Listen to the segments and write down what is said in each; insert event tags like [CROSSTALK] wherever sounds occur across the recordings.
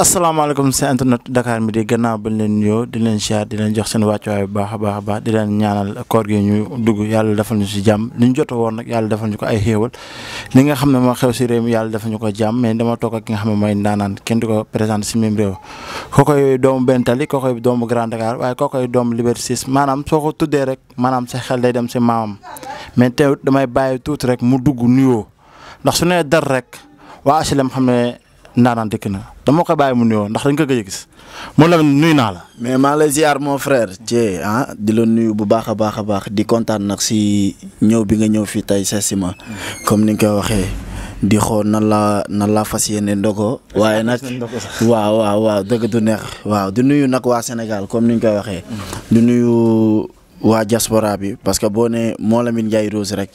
asalaamaaleykum si internet Dakar Midi gannaaw bañ leen nuyoo siyaar di jox seen wàccuwaay bu baax a baax a baax di leen ñaanal koor gi ñu dugg yàlla defal ñu si jàmm li jot woon nag yàlla defal ñu ko ay xéewal li nga xam ne moo xew si réew mi yàlla defal ñu ko jàmm mais dama toog ak ki nga xam ne mooy ndaanaan kenn di ko présenté si même réew kookoy doomu Bène Tally kookoy doomu Grand Dakar waaye kookoy doomu Liberté 6 maanaam soo ko tuddee rek maanaam sa xel day dem si maamam mais teewut damay bàyyi tuuti rek mu dugg nuyoo ndax su nee dar rek ndaanaan dëkk na dama ko bàyyi mu nuyoo ndax dañ ko gëj a gis moo la nuyu naa la. mais maa lay ziar mon frère Thié ah di la nuyu bu baax a baax a baax di kontaan nag si ñëw bi nga ñëw fii tey seesi ma comme ni nga ko waxee di xool nan laa nan laa fas yéene ndogo. waaye nag waaw waaw waaw dëgg du neex waaw di nuyu nag waa Sénégal comme ni nga ko waxee. di nuyu. waa diaspora bi parce que boo nee moo Lamine Ndiaye Rose rek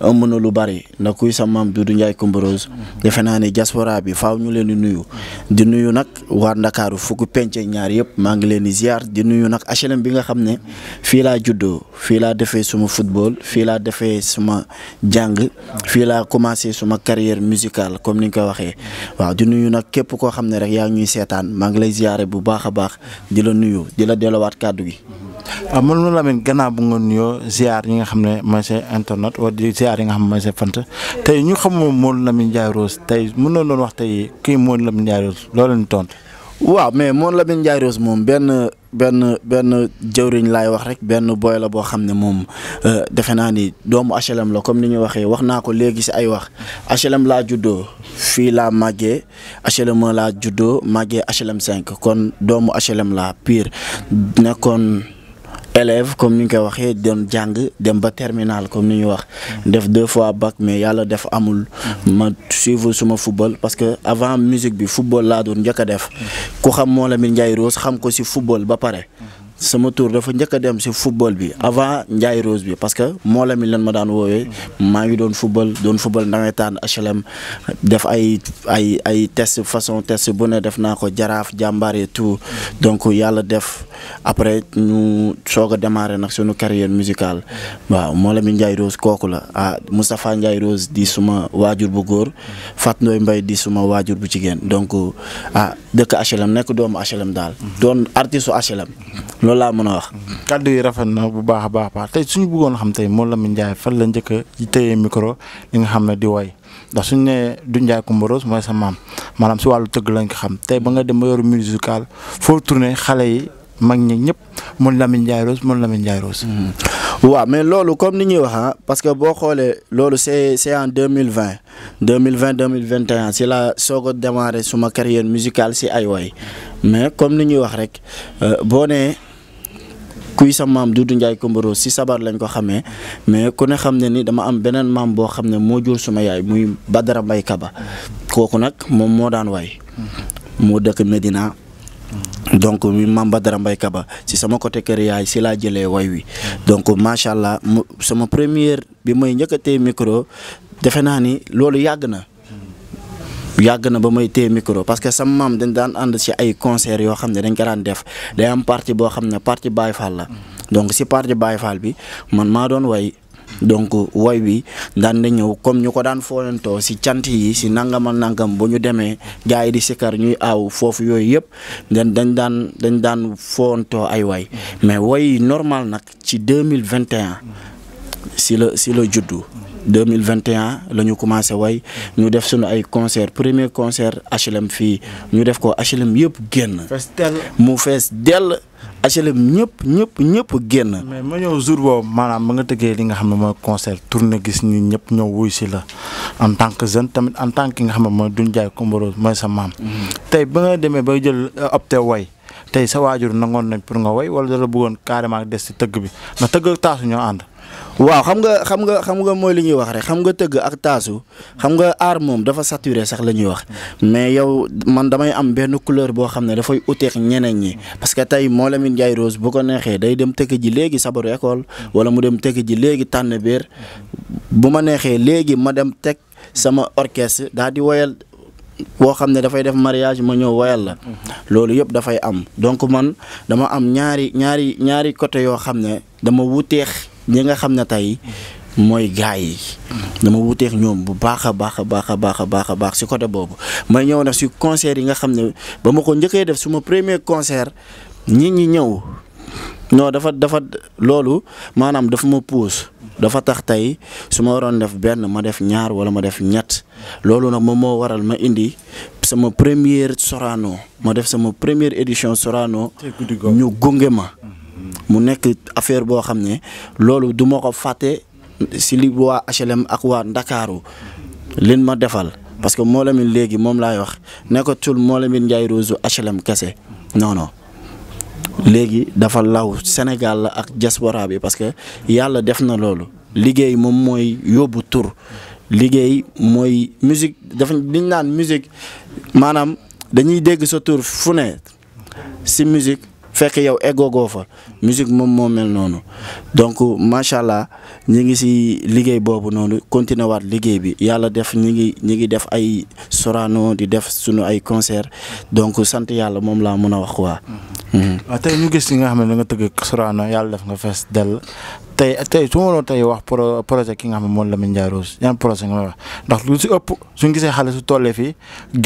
ëmb na lu bari ndax kuy sa maam Doudou Ndiaye Coumba Rose defe naa ne diaspora bi faw ñu leen di nuyu di nuyu nag waa Ndakaaru fukki penc ñaar yëpp maa ngi leen di ziar di nuyu nag HLM bi nga xam ne fii laa juddoo fii laa defee suma football fii laa defee suma jàng fii laa commencé suma carrière musicale comme ni nga ko waxee waaw di nuyu nag képp koo xam ne rek yaa ngi ñuy seetaan maa ngi lay ziare bu baax a baax di la nuyu di la dellowaat kàddu gi. waaw na ma Lamine gannaaw bu nga nuyoo ziar yi nga xam ne mooy sa internet wala di ziar yi nga xam ne mooy sa fant tey ñu xamul Modou Lamine Ndiaye Rose tey mën na doon wax tey kii Modou Lamine Ndiaye Rose loolu lañ tontu. waaw mais Modou Lamine Ndiaye moom benn benn benn jëwriñ laay wax rek benn booy la boo xam ne moom euh, defe naa ni doomu HLM la comme ni ñu waxee wax naa ko léegi si ay wax HLM laa juddoo fii laa màggee HLM laa juddoo màggee HLM 5 kon doomu HLM laa pire nekkoon. élève comme ni ñu koy waxee doon jàng dem ba terminal comme ni ñu wax def deux fois bac mais yàlla def amul ma suivre suma football parce que avant musique bi football laa doon njëkk a def ku xam Mawla Ndiaye Rose xam ko si football ba pare sama tour dafa njëkk a dem si football bi avant Ndiaye Rose bi parce que moo la mi leen ma daan woowee maa ngi doon football doon football nawetaan HLM def ay ay ay test façon test bu ne def naa ko jaraaf jàmbaar et tout donc yàlla def après ñu soog a démarrer nag sunu carrière musicale waaw moo la mi Ndiaye Rose kooku la ah Moustapha Ndiaye Rose di suma waajur bu góor Fat Ndoye Mbaye di suma waajur bu jigéen donc ah dëkk HLM nekk doomu HLM daal doon artiste loolu laa mën a wax. kàddu yi rafet na bu baax baax baax tey suñu bëggoon xam tey Mawla Lamine Ndiaye fan la njëkk a téye micro nga xam ne di woy ndax suñu nee du Ndiaye Coumba Rose mooy sa maam maanaam si wàllu tëgg lañ ko xam tey ba nga dem ba yoru musical foo tourné xale yi mag ñi ñëpp Mawla Lamine Ndiaye Rose Mawla Lamine Ndiaye Rose. Mm-hmm. waaw mais loolu comme ni ñuy wax ah que boo xoolee loolu mille vingt deux mille vingt deux mille vingt et un si la soog a démarré suma carrière si ay woy comme ni ñuy wax rek euh, boo nee. kuy sa maam Doudou Ndiaye Komboro si sabar lañ ko xamee mais ku ne xam ne ni dama am beneen maam boo xam ne moo jur suma yaay muy Badara Mbaye Kaba kooku nag moom moo daan waay moo dëkk Medina donc mi maam Badara Mbaye Kaba si sama côté kër yaay si laa jëlee way wi donc macha allah sama première bi may njëkkatee micro defe naa ni loolu yàgg na. yàgg na ba may téye micro parce que sama maam dañ daan ànd si ay concert yoo xam ne dañ ko daan def day am parti boo xam ne parti Baye Fall la donc si parti Baye Fall bi man maa doon way donc woy bi daan na ñëw comme ñu ko daan foolantoo si cant yi si nangamal nangam bu ñu demee gars yi di sikar ñuy aaw foofu yooyu yëpp dañ dañ daan dañ daan foolantoo ay way mais woy yi normal nag ci deux mille vingt et un si la si la juddu. 2021 la ñu commencé way ñu def suñu ay concert premier concert HLM fii ñu def ko HLM yëpp génn. mu fees dell HLM ñëpp ñëpp ñëpp génn. mais ma ñëw jour boobu maanaam ma nga tëggee li nga xam ne mooy concert tournée gis ñu ñëpp ñëw wuy si la en tant que jeune tamit en tant que nga xam ne mooy dun jaay Coumba mooy sa maam. Mm-hmm. tey ba nga demee bay jël euh, opté way tey sa waajur nangoon nañ pour nga way wala dala bëggoon carrément des ci tëgg bi ndax tëgg ak taasu ñoo ànd. waaw xam nga xam nga xam nga mooy li ñuy wax rek xam nga tëgg ak taasu xam nga aar moom dafa saturé sax la ñuy wax mais yow man damay am benn couleur boo xam ne dafay uteex ñeneen ñi parce que tey moo Lamine Ndiaye ko neexee day dem tëgg ji léegi sabaru école wala mu dem tëgg ji léegi tànn biir bu ma neexee léegi ma dem teg sama orchestre daal di woyal boo xam ne dafay def mariage ma ñëw woyal la loolu yëpp dafay am donc man dama am ñaari ñaari ñaari côté yoo xam ne dama wuteex li nga xam ne tey mooy gars yi dama wuteex ñoom bu baax a baax a baax a baax a baax a baax si côté boobu may ñëw nag si concert yi nga xam ne ba ma ko njëkkee def suma premier concert nit ñi ñëw non dafa dafa loolu maanaam dafa ma pouse dafa tax tey su ma waroon def benn ma def ñaar wala ma def ñett loolu nag ma moo waral ma indi sama première soraano ma def sama première édition soraano ñu gunge ma mu nekk affaire boo xam ne loolu du ma ko fàtte si li waa HLM ak waa Ndakaaru lin ma defal parce que Molamine léegi moom laay wax nekkatul Molamine Ndiaye Rose HLM kese non non léegi dafa law Sénégal la ak diaspora yi parce que yàlla def na loolu liggéey moom mooy yóbbu tur liggéey mooy musique dafa liñ naan musique maanaam dañuy dégg sa tur fu si musique fekk yow eggoogoo fa musique moom moo mel noonu donc macha allah ñi ngi si liggéey boobu noonu continuer waat liggéey bi yàlla def ñi ngi ñi ngi def ay Sorano di def suñu ay concert donc sant yàlla moom laa mën a wax quoi. waaw mm-hmm. ah, tey ñu gis li nga xam ne da tëgg Sorano yàlla def nga fees dell tey tey su ma waroon tey wax pro projet ki nga xam ne moom Lamine Ndiaye Rose yan projet nga may wax ndax lu si ëpp suñ gisee xale su tollee fii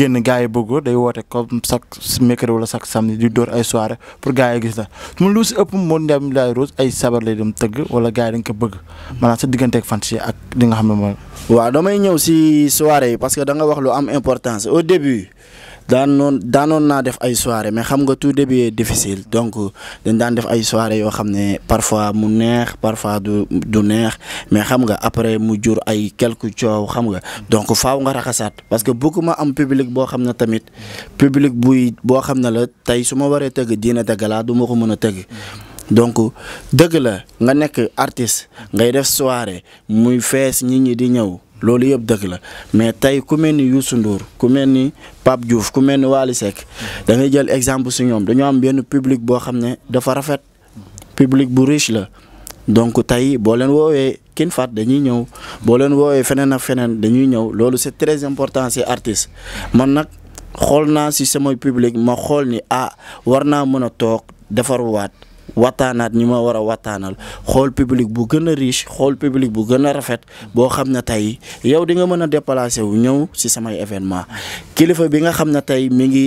génn gaa yi bëgg day woote comme chaque mercredi wala chaque samedi di door ay soirée pour gars yi gis la man lu si ëpp mu moom Lamine Ndiaye Rose ay sabar lay dem tëgg wala gars yi dañ ko bëgg maanaam sa digganteeg fantasy ak li nga xam ne moom waaw damay ñëw si soirée yi parce que da nga wax lu am importance au début daanoon daanoon naa def ay soirée mais xam nga tout début est difficile donc dañ daan def ay soirée yoo xam ne parfois mu neex parfois du du neex mais xam nga après mu jur ay quelques coow xam nga donc faaw nga raxasaat parce que bëgguma am public boo xam ne tamit public buy boo xam ne la tey su ma waree tëgg diine daggalaa du ma ko mën a tëgg donc dëgg la nga nekk artiste ngay def soirée muy fees nit ñi di ñëw loolu yëpp dëgg la mais tey ku mel ni Youssou Ndour ku mel ni Pape Diouf ku mel ni Wally Seck da jël exemple si ñoom dañoo am benn public boo xam ne dafa rafet public bu riche la donc tey boo leen woowee kin faat dañuy ñëw boo leen woowee feneen ak feneen dañuy ñëw loolu c'est très important si artiste man nag xool naa si sama public ma xool ni ah war naa mën a toog defaruwaat waxtaanaat ñi ma war a waxtaanal xool public bu gën a riche xool public bu gën a rafet boo xam ne tey yow di nga mën a déplacer wu ñëw si samay événement kilifa bi nga xam ne tey mi ngi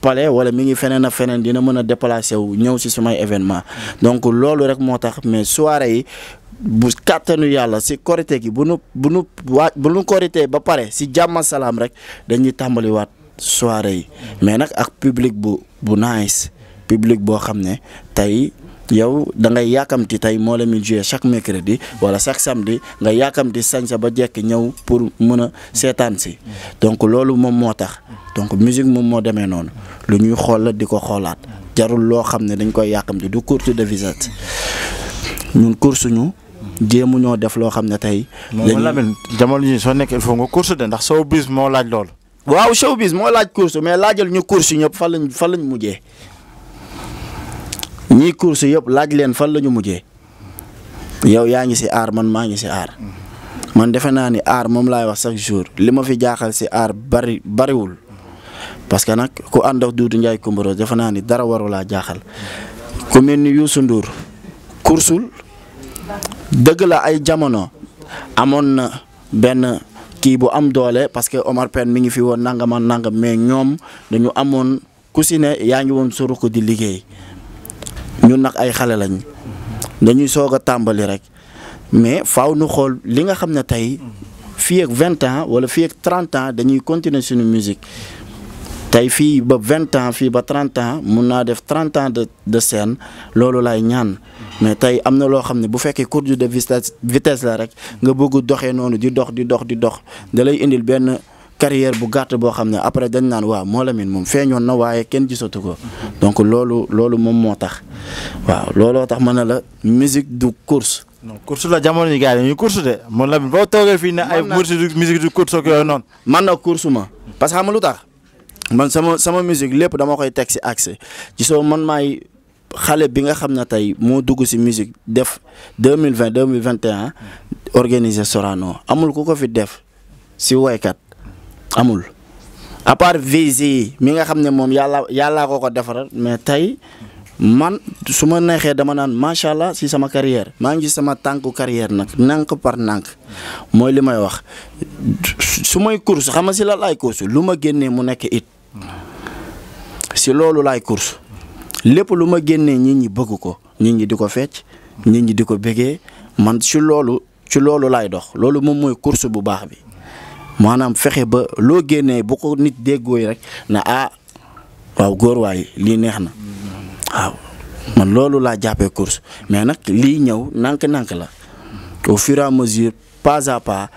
palais wala mi ngi feneen a feneen dina mën a déplacer wu ñëw si sumay événement donc loolu rek moo tax mais soirée yi bu kàttanu yàlla si korité gi bu nu bu nu waa bu nu korité ba pare si jàmm salaam rek dañuy tàmbaliwaat soirée yi mais nag ak public bu bu nice public boo xam ne tey yow da ngay yàkkamti tey moo la mi joué chaque mercredi wala chaque samedi nga yàkkamti sañ sa ba jekk ñëw pour mën a seetaan si donc loolu moom moo tax donc musique moom moo demee noonu lu ñuy xool la di ko xoolaat jarul loo xam ne dañ koy yàkkamti du course de visite ñun course ñu jéemu ñoo def loo xam ne tey. moom Lamine jamono ji soo nekk il faut nga course de ndax showbiz moo laaj loolu. waaw showbiz moo laaj course mais laajal ñu course ñëpp fan lañ fan lañ mujjee ñii course yëpp laaj leen fan la ñu mujjee yow yaa ngi si aar man maa ngi si aar man defe naa ni aar moom laay wax chaque jour li ma fi jaaxal si aar bari bariwul parce que nag ku ànd ak Doudou Ndiaye Coumba defe naa ni dara warulaa jaaxal ku mel ni Youssou Ndour kursul dëgg la ay jamono amoon na benn kii bu am doole parce que Omar mi ngi fi woon nanga nangama nangam mais ñoom dañu amoon ku yaa ngi woon suruq di liggéey ñun nag ay xale lañ dañuy soog a tàmbali rek mais faw nu xool li nga xam ne tey fii ak vingt ans wala fii ak trente ans dañuy continuer suñu musique tey fii ba vingt ans fii ba trente ans mun naa def trente ans de de scène loolu laay ñaan mais tey am na loo xam ne bu fekkee courbe de vitesse vitesse la rek nga bëgg doxee noonu di dox di dox di dox indil benn. carrière bu gàtt boo xam ne après dañ naan waaw moo Lamine moom feeñoon na waaye kenn gisatu ko donc loolu loolu moom moo tax waaw looloo tax ma ne la musique du course. non course la jamono yi gars yi ñu course de moo Lamine boo toogee fii ne ay musique du course ak yooyu noonu. man na course ma parce que xam man sama sama musique lépp dama koy teg si accès gisoo man maay xale bi nga xam ne tey moo dugg si musique def deux mille vingt deux mille vingt et un Sorano amul ku ko fi def si waykat. amul à part visi mi nga xam ne moom yàlla yàllaa koo ko defaral mais tey man su ma neexee dama naan macha allah si sama carrière maa ngi sama tànku carrière nag nànk par nànk mooy li may wax su may course xam nga si la laay course lu ma génnee mu nekk it si loolu laay course lépp lu ma génnee nit ñi bëgg ko nit ñi di ko fecc nit ñi di ko béggee man si loolu ci loolu laay dox loolu moom mooy course bu baax bi maanaam fexe ba loo génnee bu ko nit déggooy rek na ah waaw góor waay lii neex na waaw man loolu laa jàppee course mais nag lii ñëw nànk nank la au fur et à mesure pas à pas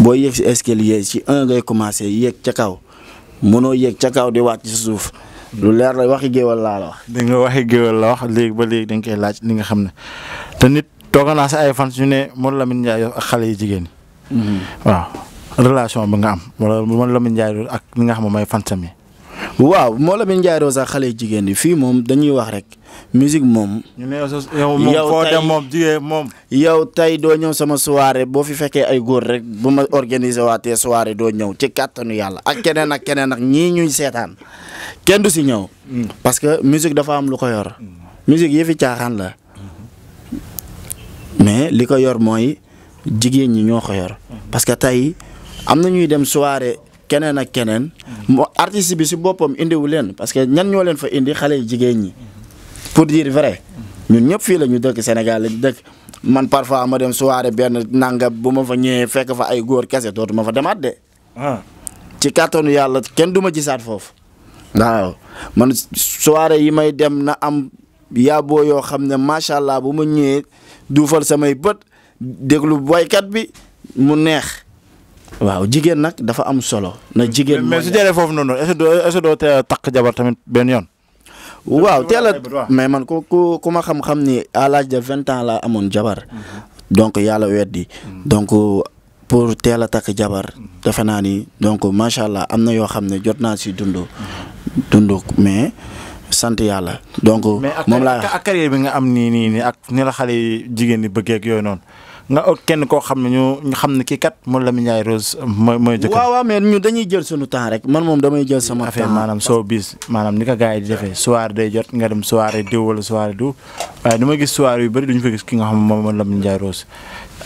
boo yéeg si escalier ci un ngay commencé yéeg ca kaw mënoo yéeg ca kaw di wàcc ci suuf lu leer la waxi géwal laa la wax. di nga waxi géwal la wax léegi ba léegi dañ koy laaj li nga xam ne te nit tooga naa sa ay fan su ne Modou Lamine Ndiaye ak xale yu jigéen ñi mm-hmm. waaw relation bi nga am wala man Lamine Ndiaye Rose ak li nga xam ne mooy fansam yi. waaw moo Lamine Ndiaye Rose sax xale jigéen ñi fii moom dañuy wax rek musique moom. ñu ne yow moom foo moom moom. yow tey doo ñëw sama soirée boo fi fekkee ay góor rek bu ma organiser waatee soirée doo ñëw ci kàttanu yàlla ak keneen ak keneen ak ñii ñuy seetaan kenn du si ñëw. Mm. parce que musique dafa am lu ko yor. Mm. musique yi fi caaxaan la. mais li ko yor mooy jigéen ñi ñoo ko yor. Mm. parce que am na ñuy dem soirée keneen ak keneen moo artiste bi si boppam indiwu leen parce que ñan ñoo leen fa indi xale yu jigéen ñi pour dire vrai ñun ñëpp fii la ñu dëkk Sénégal la ñu dëkk man parfois ma dem soirée benn nangam bu ma fa ñëwee fekk fa ay góor kese dootuma fa demaat de. Ah. ci kàttanu yàlla kenn duma jisaat foofu. waaw man soirée yi may dem na am yaaboo yoo xam ne macha allah bu ma ñëwee duufal samay bët déglu boykat bi mu neex. waaw jigéen nag dafa am solo. na hmm. jigéen mais su jëlee foofu noonu est-ce que doo teel takk jabar tamit benn yoon. waaw teel a mais man ku ku ku ma xam-xam ni àlla l'âge de vingt laa amoon jabar. Hmm. donc yàlla weddi. Hmm. donc pour teel a takk jabar. defe naa ni donc macha allah am na yoo xam ne jot naa si dund. dund mais sant yàlla. donc moom laa mais ak carrière bi nga am nii nii nii ak ni la xale jigéen ñi bëggee ak yooyu noonu. nga ut kenn koo xam ne ñu xam ne kii kat moom Lamine Ndiaye Rose mooy mooy. jëkkër waaw waaw dañuy jël sunu temps rek man moom damay jël sama. affaire maanaam soo bis maanaam ni ko gars yi di defee soir day jot nga dem soirée diw wala soirée diw waaye ni ma gis soirée yu bëri duñu fa gis ki nga xam moom mooy Lamine Ndiaye Rose.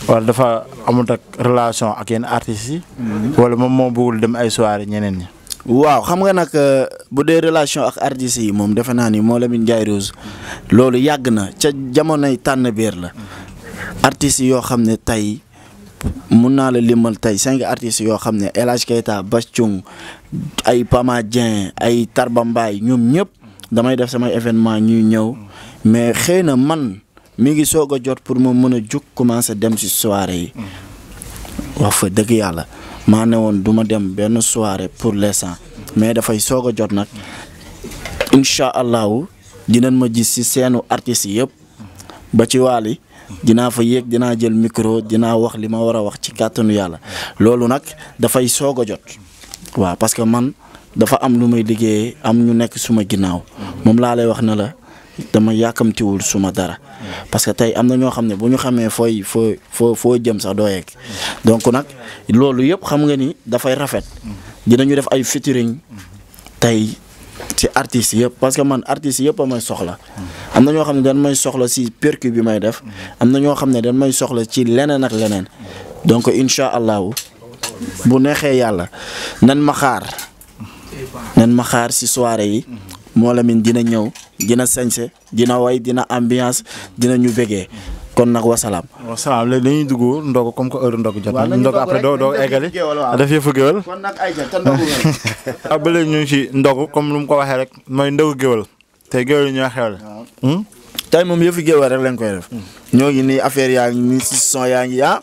wala dafa amut ak relation ak yenn artistes yi. Mhm. wala moom moo bëggul dem ay soirée ñeneen ñi. waaw xam nga nag euh, bu dee relation ak artistes yi moom defe naa ni moo Lamine Ndiaye Rose loolu yàgg na ca jamonoy tànn biir la. artistes yoo xam ne tey mun naa la limal tey cinq artistes yoo xam ne El Hadj Keita ay Pama Dieng ay Tarba Mbaye ñoom ñëpp damay def samay événement ñuy ñëw mais xëy na man mu ngi soog a jot pour ma mën a jug commencé dem si soirée yi wax fa dëgg yàlla maa ne woon duma dem benn soirée pour l'instant mais dafay soog a jot nag incha allahu dinañ ma ji si seenu artistes yëpp ba ci waali dinaa fa yéeg dinaa jël micro dina wax li ma war a wax ci kàttanu yàlla loolu nag dafay soog a jot waaw parce que man dafa am lu may liggéeyee am ñu nekk suma ginnaaw moom laa lay wax na la dama yàkkamtiwul suma dara parce que tey am na ñoo xam ne bu ñu xamee fooy foo foo foo jëm sax doo yegg donc nag loolu yëpp xam nga ni dafay rafet dinañu def ay featuring tey ci artistes yëpp parce que man artistes yëpp a may soxla am na ñoo xam ne dañ may soxla si percu bi may def am na ñoo xam ne dañ may soxla ci leneen ak leneen donc incha allahu bu neexee yàlla nan ma xaar nan si soirée yi moo la min dina ñëw dina sañse dina way dina ambiance dina ñu bégee kon nag wasalaam. wasalaam léegi dañuy dugg ndog comme que heure ndog jot nañu ndog après doo doo eggali daf yëfu géwél kon nag ay [LAUGHS] ah, ba ñu ngi ci ndog comme lu mu ko waxee rek mooy ndogu géwél te géwél ñoo xewle. tey moom yëfu géwél rek lañ koy def. ñoo ngi nii affaire yaa ngi nii saucisson yaa ngi yaa.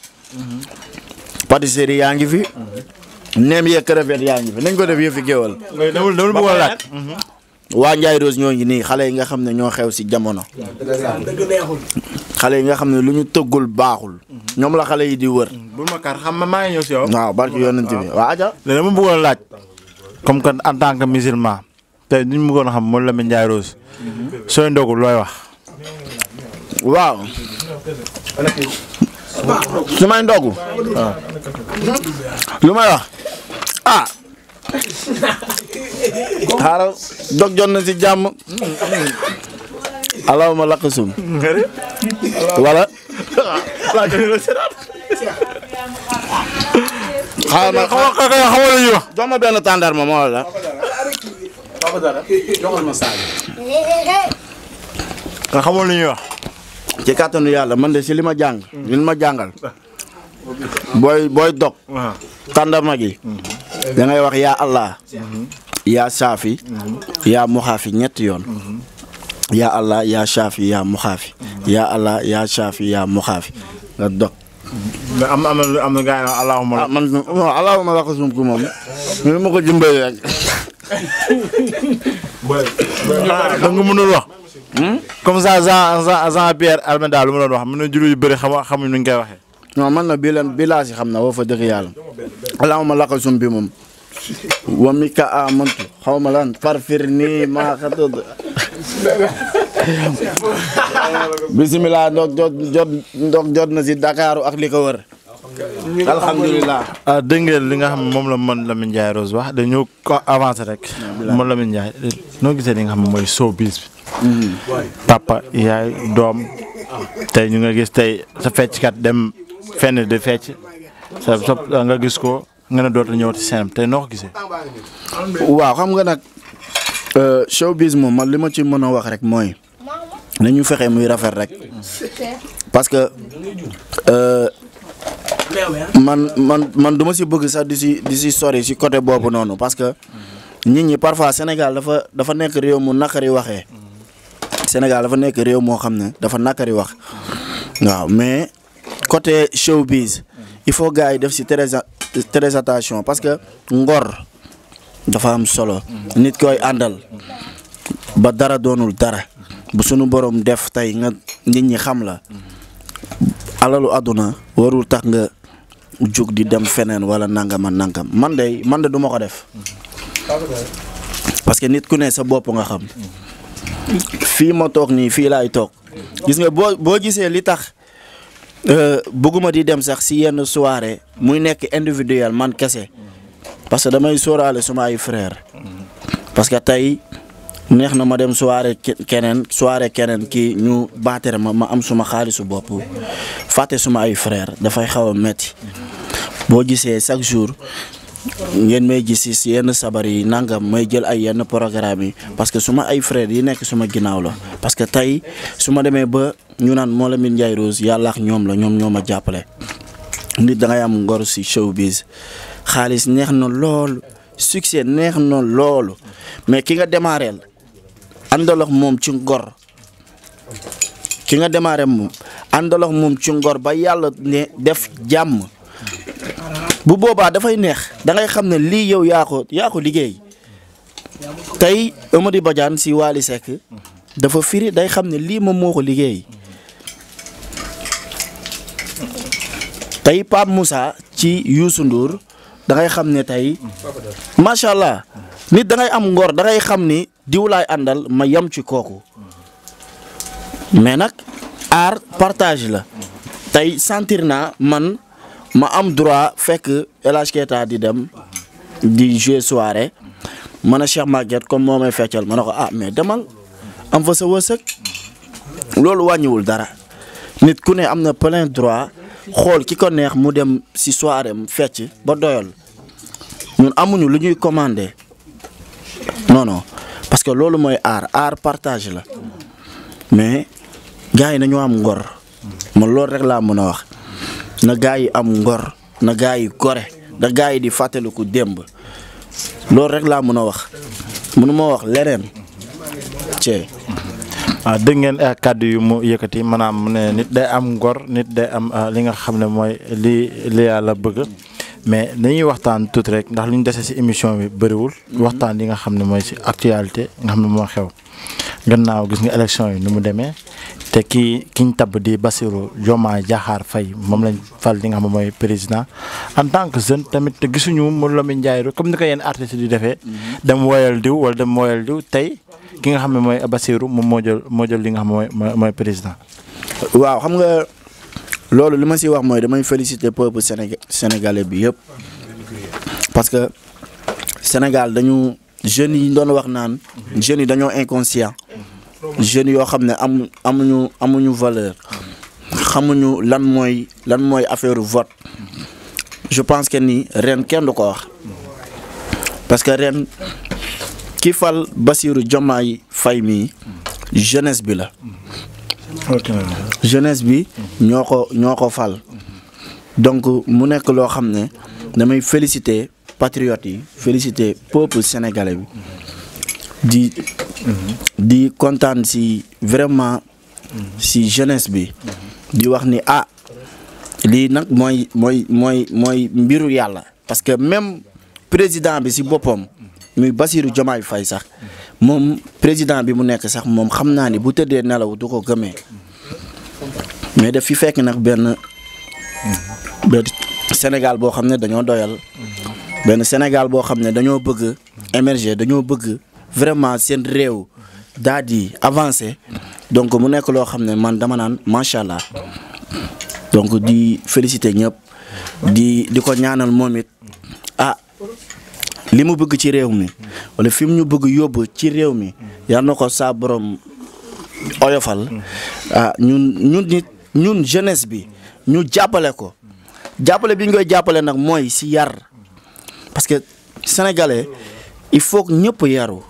pâtisserie yaa ngi fi. neem yeeg crevette yaa ngi fi nañ ko def yëfi géwél. ngay dawul dawul bëggoon laaj. Mhm. waa Ndiaye Rose ñoo ngi nii xale yi nga xam ne ñoo xew si jamono. xale yi nga xam ne lu ñu tëggul baaxul. ñoom la xale yi di wër. bu ma kar xam ma maa ngi ñëw si yow. waaw barki yonent bi waaw aja. léegi dama bëggoon laaj. comme que en tant que musulman. tey ni mu bëggoon xam mooy Lamine Ndiaye Rose. Mhm. sooy ndogu looy wax. waaw. su may ndogu. lu may wax ah. dog jot na si jàmm. allahuma laqasum. wala. [LAUGHS] xaaral ma xaw ma xaw ma benn tàndarma moo la. papa dara joxal ma saa lu ñuy wax. ci kàttanu yàlla man de si li ma jàng. li ma jàngal. booy booy dog. tàndama gi. da ngay wax yaa Allah. yaa saafi. yaa muxaafi ñetti yoon. yaa Allah yaa saafi yaa muxaafi. yaa Allah yaa saafi yaa muxaafi nga dog. mais am na am na gaa yi allahumma. ah man allahumma la ko sumb moom. ni ma ko jëmbalee rek. ah da nga mënul wax. Hmm? comme ça Jean Jean Pierre Almeida lu ma doon wax mu ne jullit yu bëri xam xamuñ nu ñu koy waxee. non man na bii lan xam na woo fa dëgg yàlla. allahumma laqal sum bi moom. wa mi ka amantu xaw ma lan farfir nii maa xatut. [LAUGHS] bisimilah ndox jot na si Dakar ak li ko wër. alhamdulilah ah, dégg ngeen li nga xam moom la man Lamine Ndiaye Rose wax dañoo ko avancé rek man Lamine Ndiaye noo gisee li nga xam mooy showbiz bi mm-hmm. papa yaay doom tey ñu nga gis tey sa fecckat dem fenn di fecc sa nga gis ko nga ne dootul ñëw ci seen te noo ko gisee waaw xam nga nag euh, showbiz moom ma li ma ci mën wax rek mooy nañu fexe muy rafet rek parce que euh, man man man du ma si bëgg sax di si di si sori si côté boobu noonu parce que nit ñi parfois Sénégal dafa dafa nekk réew mu nakari waxee Sénégal dafa nekk réew moo xam ne dafa naqari wax waaw mais côté showbiz il faut gars yi def si très très parce que ngor dafa am solo nit koy àndal ba dara doonul dara bu sunu boroom def tey nga nit ñi xam la alalu àdduna warul tax nga jóg di dem feneen wala nangam ak nangam man de man de du ko def. parce que nit ku ne sa bopp nga xam. fii ma toog nii fii laay toog. gis nga boo boo gisee li tax euh, bëgguma di dem sax si yenn soirée muy nekk individuel man kese parce que damay sóoraale suma ay frère parce que tey neex na ma dem soirée keneen soirée keneen kii ñu baatere ma ma am suma xaalisu bopp fàtte suma ay frère dafay xaw a metti boo gisee chaque jour ngeen may gis si yenn sabar yi nangam may jël ay yenn programme yi parce que su ma ay frères yi nekk suma ginnaaw la parce que tey su ma demee ba ñu naan Molamine Ndiaye Rose yàlla ñoom la ñoom ñoo ma jàppale. nit da am ngor si showbiz xaalis neex na lool succès neex na loolu mais ki nga démarré àndalox moom ci ngor ki nga démarré moom àndalox moom ci ngor ba yàlla ne def jàmm. bu boobaa dafay neex da xam ne lii yow yaa ko yaa ko liggéey tey Amady Badiane si Waly Seck dafa firi day xam ne lii moom moo ko liggéey tey Pape Moussa ci Youssou nduur dangay xam ne tey macha allah nit da am ngor da xam ni diw laay àndal ma yem ci kooku mais nag art partage la tey sentir naa man. ma am droit fekk El Hadj di dem di jouer soirée ma ne Cheikh Maguette comme moo may feccal ma ne ko ah mais demal am fa sa wërsëg loolu wàññiwul dara nit ku ne am na plein droit xool ki ko neex mu dem si soirée mu fecc ba doyal ñun amuñu lu ñuy commandé non parce que loolu mooy aar aar partage la mais gars yi nañu am ngor ma loolu rek laa mën a wax. na gaa yi am ngor na gaa yi gore na gaa yi di fàttaliku démb loolu rek laa mën a wax mënu ma wax leneen cee waaw ah, ngeen eh, kàddu yu mu yëkkati maanaam ne nit day am ngor nit day am ah, li nga xam ne mooy li li yàlla bëgg mais dañuy waxtaan tuuti rek ndax lu ñu dese si émission bi bëriwul. Mm-hmm. waxtaan li nga xam ne mooy si actualité nga xam ne moo xew. gannaaw gis nga élection yi nu mu demee. te ki ki ñu tabb di Bassirou Diomaye Diakhar Faye moom lañ fal li nga xam mooy président en tant que jeune tamit gisuñu mu Lamine Ndiaye comme ni ko yenn artistes yi defee. Mhm. dem woyal diw wala dem woyal diw tey ki nga xam ne mooy Bassirou moom moo jël moo li nga xam mooy mooy président. waaw xam nga loolu li ma si wax mooy damay féliciter peuple Sénégal sénégalais bi yëpp parce que Sénégal dañu jeunes yi doon wax naan jeunes yi dañoo inconscient. jeunes yoo xam ne am amuñu amuñu valeur xamuñu lan mooy lan mooy affaire vote je pense que ni ren kenn du ko wax parce que ren ki fal Bassirou Diomaye Faye mii jeunesse bi la jeunesse bi ñoo ko ñoo ko fal donc mu nekk loo xam ne damay féliciter patriotes yi féliciter peuple sénégalais bi di di kontaan si vraiment si jeunesse bi di wax ni ah lii nag mooy mooy mooy mooy mbiru yàlla parce que même président bi si boppam muy Bassirou Diomaye fay sax moom président bi mu nekk sax moom xam naa ni bu tëddee nelaw du ko gëmee mais daf fi fekk nag benn benn Sénégal boo xam ne dañoo doyal benn Sénégal boo xam ne dañoo bëgg émerger dañoo bëgg vraiment seen réew daa di avancé donc mu nekk loo xam ne man dama naan macha allah donc di félicité ñëpp di di ko ñaanal moom it ah li mu bëgg ci réew mi wala fi mu ñu bëgg yóbbu ci réew mi yal na ko saa borom oyofal ah ñun ñun ñun jeunesse bi ñu jàppale ko jàppale bi ñu koy jàppale nag mooy si yar parce que sénégalais il faut que ñëpp yaru.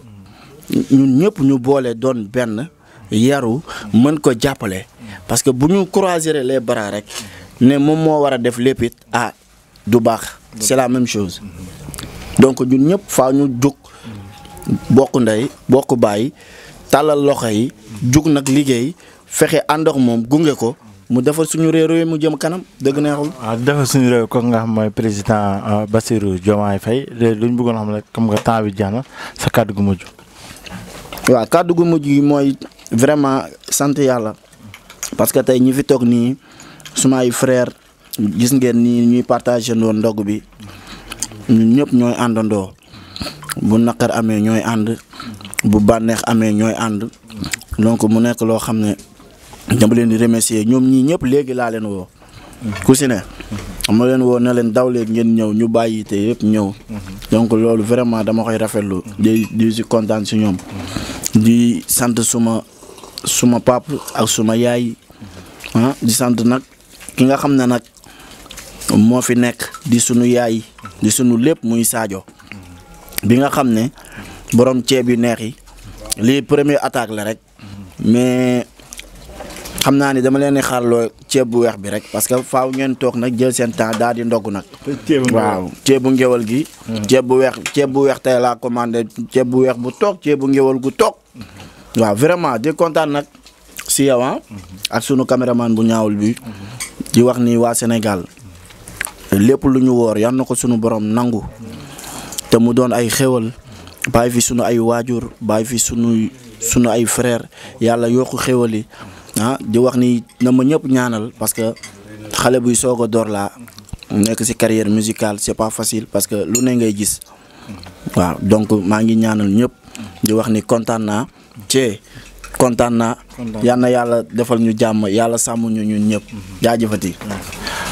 ñun ñëpp ñu boole doon benn yaru mën ko jàppale parce que bu ñu croiser les bras rek ne moom moo war a def lépp it ah du baax c'est la même chose donc ñun ñëpp faa ñu jug bokk ndey bokk baay tàllal loxo yi jug nag liggéey fexe àndox moom gunge ko mu defal suñu yi mu jëm kanam dëgg neexul. waaw ah, defal suñu réew ko nga xam mooy président euh, Bassirou Diomaye Faye léegi lu ñu bëggoon xam ne comme que temps bi jeex na sa kàddu gu mujj. waa kàddu gu mujj gi mooy vraiment sant yàlla parce que tey ñi fi toog nii sumay frère gis ngeen nii ñuy partagé ndoon ndog bi ñun ñëpp ñooy àndandoo bu naqar amee ñooy ànd bu bànneex amee ñooy ànd donc mu nekk loo xam ne dama leen di remercier ñoom ñii ñëpp léegi laa leen woo ku si ne ma leen woo na leen daw leen ngeen ñëw ñu bàyyi te yëpp ñëw mhm. donc loolu vraiment dama koy rafetlu di di si kontaan si ñoom di sant suma suma pap ak suma yaay ah, di sant nag ki nga xam ne nag moo fi nekk di sunu yaay di sunu lépp muy saajo bi nga xam ne borom ceeb yu neex yi lii premier attaque la rek mais xam naa ni dama leen di xaarloo ceeb bu weex bi rek parce que faaw ngeen toog nag jël seen temps daal di ndogg nag. waaw ceeb bu ngéwal gi. Hmm. ceeb bu weex ceeb bu tey laa commandé ceeb bu weex bu toog ceeb bu ngéwal gu toog. Hmm. waaw vraiment di kontaan nag si yow ah. hmm. ak sunu caméraman bu ñaawal bi. di wax ni waa Sénégal lépp lu ñu woor yal na ko sunu boroom nangu. te mu doon ay xéwal bàyyi fi sunu ay waajur bàyyi fi sunu sunu ay frère yàlla yokk xéwal yi. ah di wax ni na ma ñëpp ñaanal parce que xale buy soog a door laa nekk ci carrière musicale c'est pas facile parce que lu ne ngay gis waaw donc maa ngi ñaanal ñëpp di wax ni kontaan naa ci kontaan naa yal na yàlla defal ñu jàmm yàlla sàmm ñu ñun ñëpp jaajëfati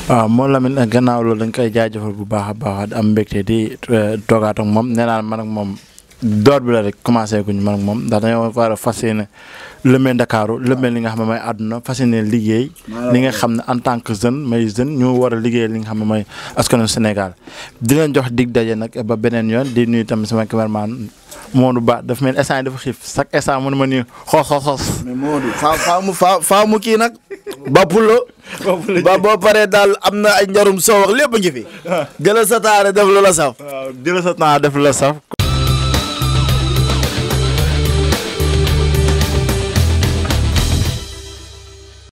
waaw ah, moom Lamine gannaaw loolu dañ koy jaajëfal bu baax a baax am mbégte di eh, toogaat moom nee naa man ak moom door bi la rek commencé guñ man ak moom ndax dañoo war a fas lëmbee Ndakaaru lëmbee li nga xam ne mooy àdduna fas liggéey li nga xam ne en tant que jeune may jeune ñu a ba beneen di nuyu tamit sama cameraman Modou Ba dafa mel instant yi dafa xiif chaque instant mënu ma nuyu xoos xoos xoos mais kii nag [LAUGHS] ba pulo ba boo paree daal am na ay njarum soo wax lépp a jëla [LAUGHS] sa taare def lu la saf jëla sa taare def lu la saf